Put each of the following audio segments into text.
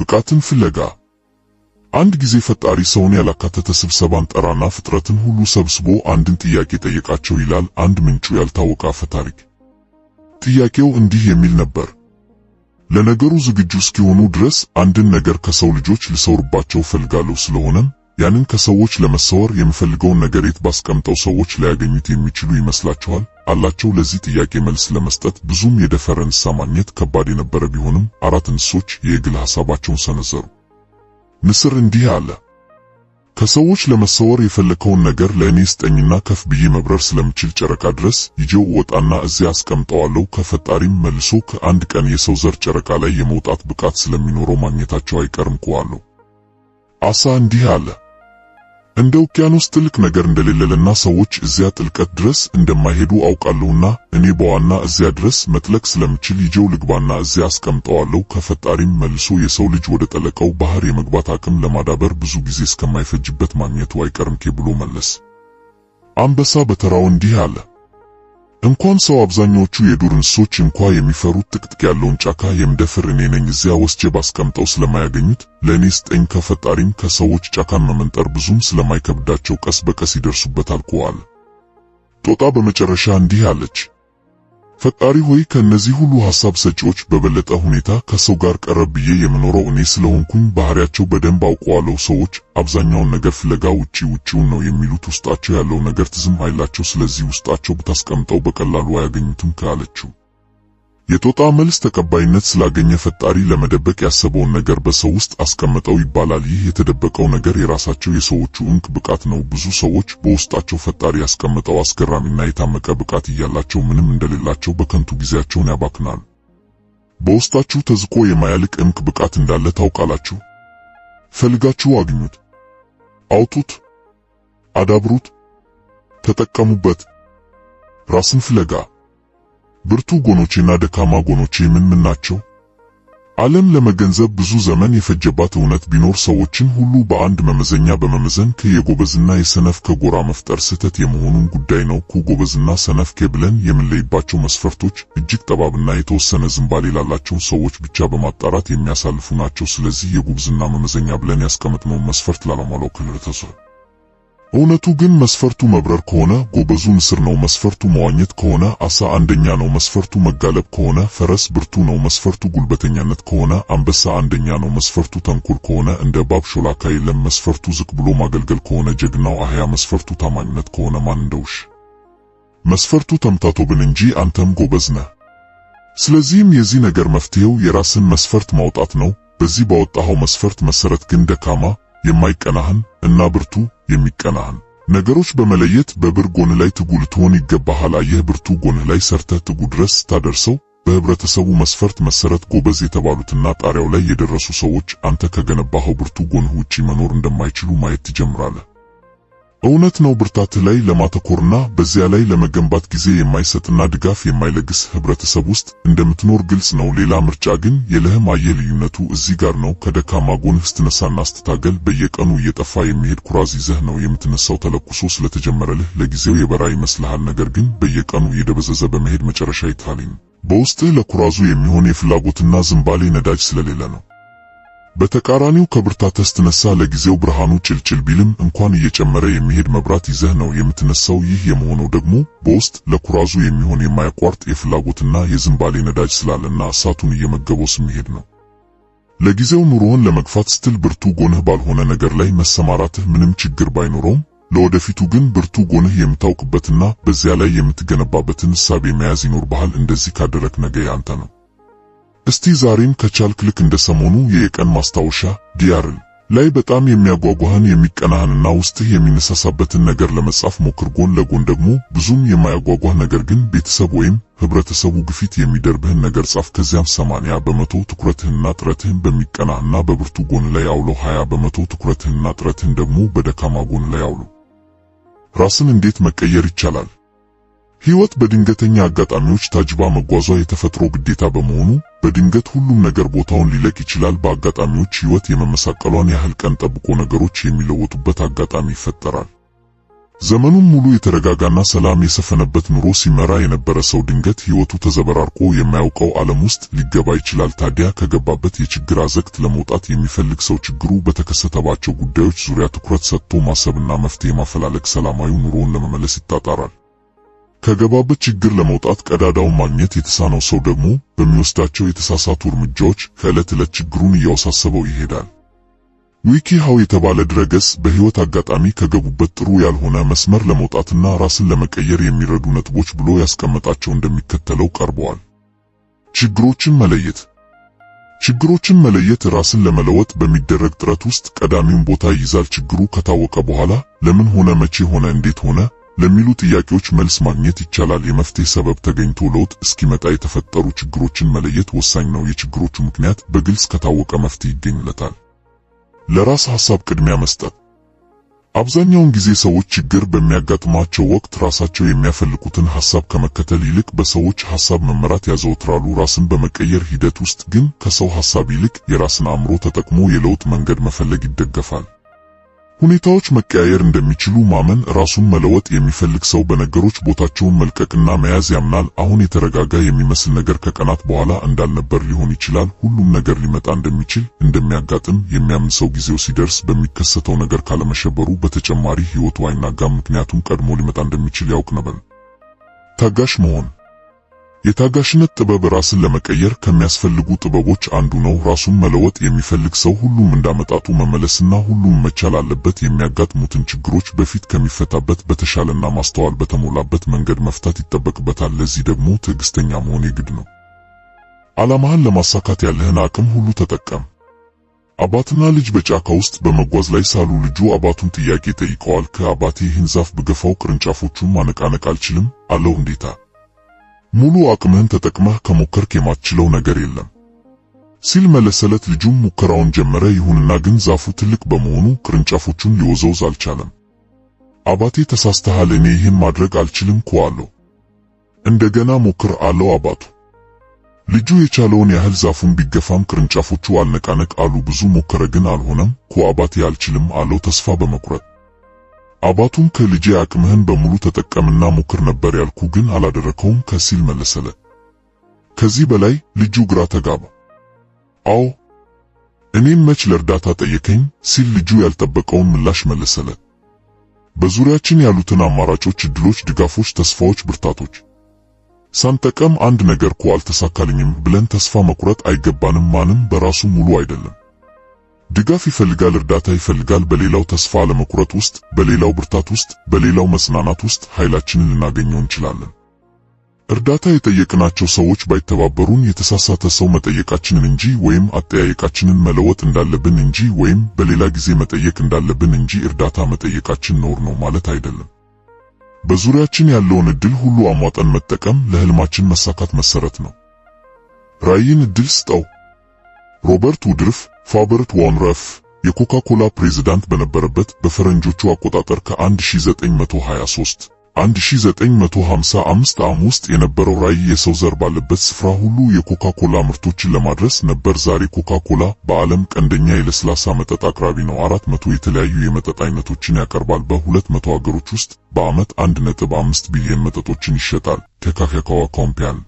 ብቃትን ፍለጋ አንድ ጊዜ ፈጣሪ ሰውን ያላካተተ ስብሰባን ጠራና ፍጥረትን ሁሉ ሰብስቦ አንድን ጥያቄ ጠየቃቸው ይላል አንድ ምንጩ ያልታወቀ አፈ ታሪክ። ጥያቄው እንዲህ የሚል ነበር። ለነገሩ ዝግጁ እስኪሆኑ ድረስ አንድን ነገር ከሰው ልጆች ልሰውርባቸው ፈልጋለሁ። ስለሆነም ያንን ከሰዎች ለመሰወር የምፈልገውን ነገር የት ባስቀምጠው ሰዎች ሊያገኙት የሚችሉ ይመስላችኋል? አላቸው። ለዚህ ጥያቄ መልስ ለመስጠት ብዙም የደፈረ እንስሳ ማግኘት ከባድ የነበረ ቢሆንም አራት እንስሶች የግል ሐሳባቸውን ሰነዘሩ። ንስር እንዲህ አለ። ከሰዎች ለመሰወር የፈለከውን ነገር ለእኔ ስጠኝና ከፍ ብዬ መብረር ስለምችል ጨረቃ ድረስ ይዤው ወጣና እዚያ አስቀምጠዋለሁ። ከፈጣሪም መልሶ ከአንድ ቀን የሰው ዘር ጨረቃ ላይ የመውጣት ብቃት ስለሚኖረው ማግኘታቸው አይቀርም እኮ አሳ እንዲህ አለ። እንደ ውቅያኖስ ትልቅ ነገር እንደሌለለና ሰዎች እዚያ ጥልቀት ድረስ እንደማይሄዱ አውቃለሁና እኔ በዋና እዚያ ድረስ መጥለቅ ስለምችል ይጀው ልግባና እዚያ አስቀምጠዋለሁ። ከፈጣሪም መልሶ የሰው ልጅ ወደ ጠለቀው ባህር የመግባት አቅም ለማዳበር ብዙ ጊዜ እስከማይፈጅበት ማግኘቱ አይቀርም ብሎ መለስ። አንበሳ በተራው እንዲህ አለ። እንኳን ሰው አብዛኛዎቹ የዱር እንስሶች እንኳ የሚፈሩት ጥቅጥቅ ያለውን ጫካ የምደፍር እኔ ነኝ። እዚያ ወስጄ ባስቀምጠው ስለማያገኙት ለእኔ ስጠኝ። ከፈጣሪም ከሰዎች ጫካን መመንጠር ብዙም ስለማይከብዳቸው ቀስ በቀስ ይደርሱበታል። ጦጣ በመጨረሻ እንዲህ አለች። ፈጣሪ ሆይ ከነዚህ ሁሉ ሐሳብ ሰጪዎች በበለጠ ሁኔታ ከሰው ጋር ቀረብ ብዬ የምኖረው እኔ ስለሆንኩኝ ባህሪያቸው በደንብ አውቀዋለሁ። ሰዎች አብዛኛውን ነገር ፍለጋ ውጪ ውጪውን ነው የሚሉት፣ ውስጣቸው ያለው ነገር ትዝም አይላቸው። ስለዚህ ውስጣቸው ብታስቀምጠው በቀላሉ አያገኙትም ካለችው የጦጣ መልስ ተቀባይነት ስላገኘ ፈጣሪ ለመደበቅ ያሰበውን ነገር በሰው ውስጥ አስቀምጠው ይባላል። ይህ የተደበቀው ነገር የራሳቸው የሰዎቹ እንቅ ብቃት ነው። ብዙ ሰዎች በውስጣቸው ፈጣሪ ያስቀምጠው አስገራሚና የታመቀ ብቃት እያላቸው ምንም እንደሌላቸው በከንቱ ጊዜያቸውን ያባክናሉ። በውስጣችሁ ተዝቆ የማያልቅ እንቅ ብቃት እንዳለ ታውቃላችሁ። ፈልጋችሁ አግኙት፣ አውጡት፣ አዳብሩት፣ ተጠቀሙበት። ራስን ፍለጋ ብርቱ ጎኖቼና ደካማ ጎኖቼ ምን ምን ናቸው? ዓለም ለመገንዘብ ብዙ ዘመን የፈጀባት እውነት ቢኖር ሰዎችን ሁሉ በአንድ መመዘኛ በመመዘን ከየጎበዝና የሰነፍ ከጎራ መፍጠር ስህተት የመሆኑን ጉዳይ ነው። ጎበዝና ሰነፍ ከብለን የምንለይባቸው መስፈርቶች እጅግ ጠባብና የተወሰነ ዝንባሌ ላላቸውን ሰዎች ብቻ በማጣራት የሚያሳልፉ ናቸው። ስለዚህ የጉብዝና መመዘኛ ብለን ያስቀመጥነው መስፈርት ላለሟላው ክልል እውነቱ ግን መስፈርቱ መብረር ከሆነ ጎበዙ ንስር ነው። መስፈርቱ መዋኘት ከሆነ አሳ አንደኛ ነው። መስፈርቱ መጋለብ ከሆነ ፈረስ ብርቱ ነው። መስፈርቱ ጉልበተኛነት ከሆነ አንበሳ አንደኛ ነው። መስፈርቱ ተንኮል ከሆነ እንደ ባብ ሾላካ የለም። መስፈርቱ ዝቅ ብሎ ማገልገል ከሆነ ጀግናው አህያ። መስፈርቱ ታማኝነት ከሆነ ማን እንደውሽ። ውሽ። መስፈርቱ ተምታቶብን እንጂ አንተም ጎበዝ ነህ። ስለዚህም የዚህ ነገር መፍትሄው የራስን መስፈርት ማውጣት ነው። በዚህ ባወጣኸው መስፈርት መሰረት ግን ደካማ የማይቀናህን እና ብርቱ የሚቀናህን ነገሮች በመለየት በብር ጎንህ ላይ ትጉ ልትሆን ይገባሃል። አየህ ብርቱ ጎንህ ላይ ሰርተህ ትጉ ድረስ ስታደርሰው በህብረተሰቡ መስፈርት መሰረት ጎበዝ የተባሉትና ጣሪያው ላይ የደረሱ ሰዎች አንተ ከገነባኸው ብርቱ ጎንህ ውጪ መኖር እንደማይችሉ ማየት ትጀምራለህ። እውነት ነው። ብርታትህ ላይ ለማተኮርና በዚያ ላይ ለመገንባት ጊዜ የማይሰጥና ድጋፍ የማይለግስ ህብረተሰብ ውስጥ እንደምትኖር ግልጽ ነው። ሌላ ምርጫ ግን የለህም። አየህ ልዩነቱ እዚህ ጋር ነው። ከደካማ ጎንህ ስትነሳና ስትታገል በየቀኑ እየጠፋ የሚሄድ ኩራዝ ይዘህ ነው የምትነሳው። ተለኩሶ ስለተጀመረልህ ለጊዜው የበራ ይመስልሃል። ነገር ግን በየቀኑ እየደበዘዘ በመሄድ መጨረሻ ይታለኝ። በውስጥህ ለኩራዙ የሚሆን የፍላጎትና ዝንባሌ ነዳጅ ስለሌለ ነው። በተቃራኒው ከብርታት ስትነሳ ለጊዜው ብርሃኑ ጭልጭል ቢልም እንኳን እየጨመረ የሚሄድ መብራት ይዘህ ነው የምትነሳው። ይህ የመሆነው ደግሞ በውስጥ ለኩራዙ የሚሆን የማያቋርጥ የፍላጎትና የዝንባሌ ነዳጅ ስላለና እሳቱን እየመገበው ስምሄድ ነው። ለጊዜው ኑሮህን ለመግፋት ስትል ብርቱ ጎንህ ባልሆነ ነገር ላይ መሰማራትህ ምንም ችግር ባይኖረውም ለወደፊቱ ግን ብርቱ ጎንህ የምታውቅበትና በዚያ ላይ የምትገነባበትን እሳቤ መያዝ ይኖርብሃል። እንደዚህ ካደረክ ነገ ያንተ ነው። እስቲ ዛሬም ከቻልክ ልክ እንደ ሰሞኑ የየቀን ማስታወሻ ዲያርን ላይ በጣም የሚያጓጓህን የሚቀናህንና ውስጥህ የሚነሳሳበትን ነገር ለመጻፍ ሞክር። ጎን ለጎን ደግሞ ብዙም የማያጓጓህ ነገር ግን ቤተሰብ ወይም ህብረተሰቡ ግፊት የሚደርብህን ነገር ጻፍ። ከዚያም 80 በመቶ ትኩረትህንና ጥረትህን በሚቀናህና በብርቱ ጎን ላይ አውለው፣ 20 በመቶ ትኩረትህንና ጥረትህን ደግሞ በደካማ ጎን ላይ አውለው። ራስን እንዴት መቀየር ይቻላል? ሕይወት በድንገተኛ አጋጣሚዎች ታጅባ መጓዟ የተፈጥሮ ግዴታ በመሆኑ በድንገት ሁሉም ነገር ቦታውን ሊለቅ ይችላል። በአጋጣሚዎች ሕይወት የመመሳቀሏን ያህል ቀን ጠብቆ ነገሮች የሚለወጡበት አጋጣሚ ይፈጠራል። ዘመኑን ሙሉ የተረጋጋና ሰላም የሰፈነበት ኑሮ ሲመራ የነበረ ሰው ድንገት ሕይወቱ ተዘበራርቆ የማያውቀው ዓለም ውስጥ ሊገባ ይችላል። ታዲያ ከገባበት የችግር አዘቅት ለመውጣት የሚፈልግ ሰው ችግሩ በተከሰተባቸው ጉዳዮች ዙሪያ ትኩረት ሰጥቶ ማሰብና መፍትሄ ማፈላለግ ሰላማዊ ኑሮውን ለመመለስ ይጣጣራል። ከገባበት ችግር ለመውጣት ቀዳዳውን ማግኘት የተሳነው ሰው ደግሞ በሚወስዳቸው የተሳሳቱ እርምጃዎች ከዕለት ዕለት ችግሩን እያወሳሰበው ይሄዳል። ዊኪ ሃው የተባለ ድረገጽ በሕይወት አጋጣሚ ከገቡበት ጥሩ ያልሆነ መስመር ለመውጣትና ራስን ለመቀየር የሚረዱ ነጥቦች ብሎ ያስቀመጣቸው እንደሚከተለው ቀርበዋል። ችግሮችን መለየት ችግሮችን መለየት ራስን ለመለወጥ በሚደረግ ጥረት ውስጥ ቀዳሚውን ቦታ ይይዛል። ችግሩ ከታወቀ በኋላ ለምን ሆነ፣ መቼ ሆነ፣ እንዴት ሆነ ለሚሉ ጥያቄዎች መልስ ማግኘት ይቻላል። የመፍትሄ ሰበብ ተገኝቶ ለውጥ እስኪመጣ የተፈጠሩ ችግሮችን መለየት ወሳኝ ነው። የችግሮቹ ምክንያት በግልጽ ከታወቀ መፍትሄ ይገኝለታል። ለራስ ሐሳብ ቅድሚያ መስጠት አብዛኛውን ጊዜ ሰዎች ችግር በሚያጋጥማቸው ወቅት ራሳቸው የሚያፈልጉትን ሐሳብ ከመከተል ይልቅ በሰዎች ሐሳብ መመራት ያዘወትራሉ። ራስን በመቀየር ሂደት ውስጥ ግን ከሰው ሐሳብ ይልቅ የራስን አእምሮ ተጠቅሞ የለውጥ መንገድ መፈለግ ይደገፋል። ሁኔታዎች መቀያየር እንደሚችሉ ማመን ራሱን መለወጥ የሚፈልግ ሰው በነገሮች ቦታቸውን መልቀቅና መያዝ ያምናል። አሁን የተረጋጋ የሚመስል ነገር ከቀናት በኋላ እንዳልነበር ሊሆን ይችላል። ሁሉም ነገር ሊመጣ እንደሚችል እንደሚያጋጥም የሚያምን ሰው ጊዜው ሲደርስ በሚከሰተው ነገር ካለመሸበሩ በተጨማሪ ሕይወቱ አይናጋም፣ ምክንያቱም ቀድሞ ሊመጣ እንደሚችል ያውቅ ነበር። ታጋሽ መሆን የታጋሽነት ጥበብ ራስን ለመቀየር ከሚያስፈልጉ ጥበቦች አንዱ ነው። ራሱን መለወጥ የሚፈልግ ሰው ሁሉም እንዳመጣጡ መመለስና ሁሉም መቻል አለበት። የሚያጋጥሙትን ችግሮች በፊት ከሚፈታበት በተሻለና ማስተዋል በተሞላበት መንገድ መፍታት ይጠበቅበታል። ለዚህ ደግሞ ትዕግስተኛ መሆን የግድ ነው። ዓላማህን ለማሳካት ያለህን አቅም ሁሉ ተጠቀም። አባትና ልጅ በጫካ ውስጥ በመጓዝ ላይ ሳሉ ልጁ አባቱን ጥያቄ ጠይቀዋል። ከአባቴ ይህን ዛፍ ብገፋው ቅርንጫፎቹን ማነቃነቅ አልችልም አለው። እንዴታ ሙሉ አቅምህን ተጠቅመህ ከሞከርክ የማትችለው ነገር የለም ሲል መለሰለት። ልጁም ሙከራውን ጀመረ። ይሁንና ግን ዛፉ ትልቅ በመሆኑ ቅርንጫፎቹን ሊወዘውዝ አልቻለም። አባቴ ተሳስተሃል፣ እኔ ይህን ማድረግ አልችልም እኮ አለው። እንደገና ሞክር አለው አባቱ። ልጁ የቻለውን ያህል ዛፉን ቢገፋም ቅርንጫፎቹ አልነቃነቅ አሉ። ብዙ ሞከረ፣ ግን አልሆነም እኮ አባቴ አልችልም አለው ተስፋ በመቁረጥ አባቱም ከልጄ አቅምህን በሙሉ ተጠቀምና ሞክር ነበር ያልኩ ግን አላደረከውም ከሲል መለሰለ። ከዚህ በላይ ልጁ ግራ ተጋባ። አዎ እኔም መች ለእርዳታ ጠየከኝ ሲል ልጁ ያልጠበቀውን ምላሽ መለሰለ። በዙሪያችን ያሉትን አማራጮች፣ እድሎች፣ ድጋፎች፣ ተስፋዎች፣ ብርታቶች ሳንጠቀም አንድ ነገር እኮ አልተሳካልኝም ብለን ተስፋ መቁረጥ አይገባንም። ማንም በራሱ ሙሉ አይደለም። ድጋፍ ይፈልጋል፣ እርዳታ ይፈልጋል። በሌላው ተስፋ ለመቁረጥ ውስጥ፣ በሌላው ብርታት ውስጥ፣ በሌላው መጽናናት ውስጥ ኃይላችንን ልናገኘው እንችላለን። እርዳታ የጠየቅናቸው ሰዎች ባይተባበሩን የተሳሳተ ሰው መጠየቃችንን እንጂ ወይም አጠያየቃችንን መለወጥ እንዳለብን እንጂ ወይም በሌላ ጊዜ መጠየቅ እንዳለብን እንጂ እርዳታ መጠየቃችን ኖር ነው ማለት አይደለም። በዙሪያችን ያለውን እድል ሁሉ አሟጠን መጠቀም ለህልማችን መሳካት መሰረት ነው። ራዕይን እድል ስጠው። ሮበርት ውድርፍ ፋብርት ዋንራፍ የኮካ ኮላ ፕሬዝዳንት በነበረበት በፈረንጆቹ አቆጣጠር ከ1923 1955 ዓ.ም ውስጥ የነበረው ራዕይ የሰው ዘር ባለበት ስፍራ ሁሉ የኮካ ኮላ ምርቶችን ለማድረስ ነበር። ዛሬ ኮካ ኮላ በዓለም ቀንደኛ የለስላሳ መጠጥ አቅራቢ ነው። 400 የተለያዩ የመጠጥ አይነቶችን ያቀርባል። በ200 ሀገሮች ውስጥ በዓመት 1.5 ቢሊዮን መጠጦችን ይሸጣል። ከካካካዋ ኮምፓኒ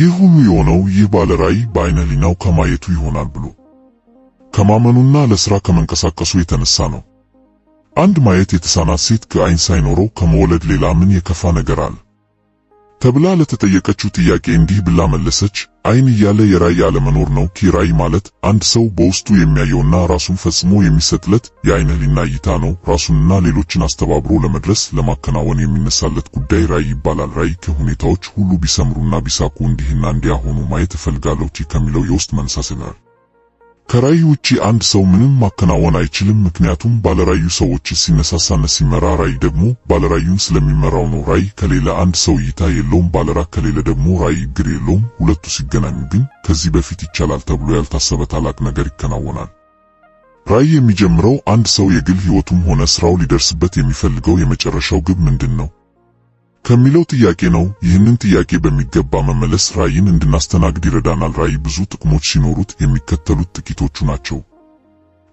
ይህ ሁሉ የሆነው ይህ ባለ ራዕይ በዓይነ ሕሊናው ከማየቱ ይሆናል ብሎ ከማመኑና ለስራ ከመንቀሳቀሱ የተነሳ ነው። አንድ ማየት የተሳናት ሴት ከዓይን ሳይኖረው ከመወለድ ሌላ ምን የከፋ ነገር አለ? ተብላ ለተጠየቀችው ጥያቄ እንዲህ ብላ መለሰች፣ አይን እያለ የራይ አለመኖር ነው። ኪራይ ማለት አንድ ሰው በውስጡ የሚያየውና ራሱን ፈጽሞ የሚሰጥለት የአይን ሕሊና እይታ ነው። ራሱንና ሌሎችን አስተባብሮ ለመድረስ ለማከናወን የሚነሳለት ጉዳይ ራይ ይባላል። ራይ ከሁኔታዎች ሁሉ ቢሰምሩና ቢሳኩ እንዲህና እንዲያ ሆኑ ማየት እፈልጋለሁ ከሚለው የውስጥ መነሳሳት ነው። ከራዕይ ውጪ አንድ ሰው ምንም ማከናወን አይችልም። ምክንያቱም ባለራዩ ሰዎች ሲነሳሳና ሲመራ፣ ራዕይ ደግሞ ባለራዩን ስለሚመራው ነው። ራዕይ ከሌለ አንድ ሰው እይታ የለውም። ባለራ ከሌለ ደግሞ ራዕይ እግር የለውም። ሁለቱ ሲገናኙ ግን ከዚህ በፊት ይቻላል ተብሎ ያልታሰበ ታላቅ ነገር ይከናወናል። ራዕይ የሚጀምረው አንድ ሰው የግል ሕይወቱም ሆነ ስራው ሊደርስበት የሚፈልገው የመጨረሻው ግብ ምንድን ነው ከሚለው ጥያቄ ነው። ይህንን ጥያቄ በሚገባ መመለስ ራዕይን እንድናስተናግድ ይረዳናል። ራዕይ ብዙ ጥቅሞች ሲኖሩት የሚከተሉት ጥቂቶቹ ናቸው።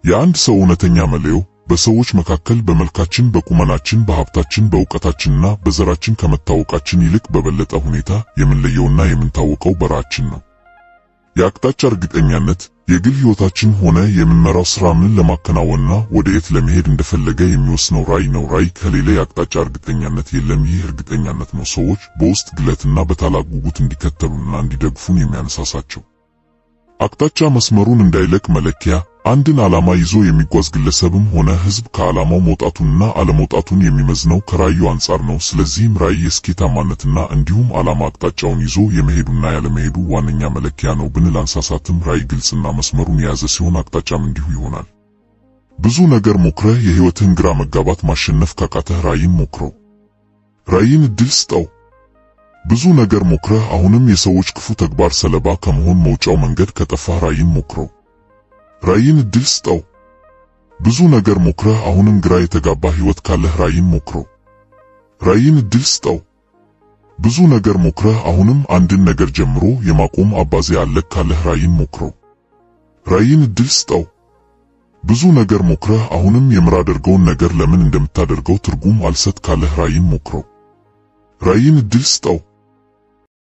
የአንድ ሰው እውነተኛ መለዮ በሰዎች መካከል በመልካችን፣ በቁመናችን፣ በሀብታችን፣ በእውቀታችንና በዘራችን ከመታወቃችን ይልቅ በበለጠ ሁኔታ የምንለየውና የምንታወቀው በራዕያችን ነው። የአቅጣጫ እርግጠኛነት የግል ህይወታችን ሆነ የምንመራው ስራ ምን ለማከናወንና ወደ የት ለመሄድ እንደፈለገ የሚወስነው ራይ ነው። ራይ ከሌለ የአቅጣጫ እርግጠኛነት የለም። ይህ እርግጠኛነት ነው ሰዎች በውስጥ ግለትና በታላቅ ጉጉት እንዲከተሉና እንዲደግፉን የሚያነሳሳቸው። አቅጣጫ መስመሩን እንዳይለቅ መለኪያ አንድን ዓላማ ይዞ የሚጓዝ ግለሰብም ሆነ ህዝብ ከዓላማው መውጣቱንና አለመውጣቱን የሚመዝነው ከራዩ አንጻር ነው። ስለዚህም ራዕይ የስኬታማነትና እንዲሁም ዓላማ አቅጣጫውን ይዞ የመሄዱና ያለመሄዱ ዋነኛ መለኪያ ነው ብንል አንሳሳትም። ራዕይ ግልጽና መስመሩን የያዘ ሲሆን አቅጣጫም እንዲሁ ይሆናል። ብዙ ነገር ሞክረህ የህይወትን ግራ መጋባት ማሸነፍ ካቃተህ ራዕይን ሞክረው። ራዕይን ዕድል ስጠው። ብዙ ነገር ሞክረህ አሁንም የሰዎች ክፉ ተግባር ሰለባ ከመሆን መውጫው መንገድ ከጠፋ ራይን ሞክረው። ራይን እድል ስጠው። ብዙ ነገር ሞክረህ አሁንም ግራ የተጋባ ህይወት ካለህ ራይን ሞክረው። ራይን እድል ስጠው። ብዙ ነገር ሞክረህ አሁንም አንድን ነገር ጀምሮ የማቆም አባዜ አለህ ካለህ ራይን ሞክረው። ራይን እድል ስጠው። ብዙ ነገር ሞክረህ አሁንም የምራደርገውን ነገር ለምን እንደምታደርገው ትርጉም አልሰጥ ካለህ ራይን ሞክረው። ራይን እድል ስጠው።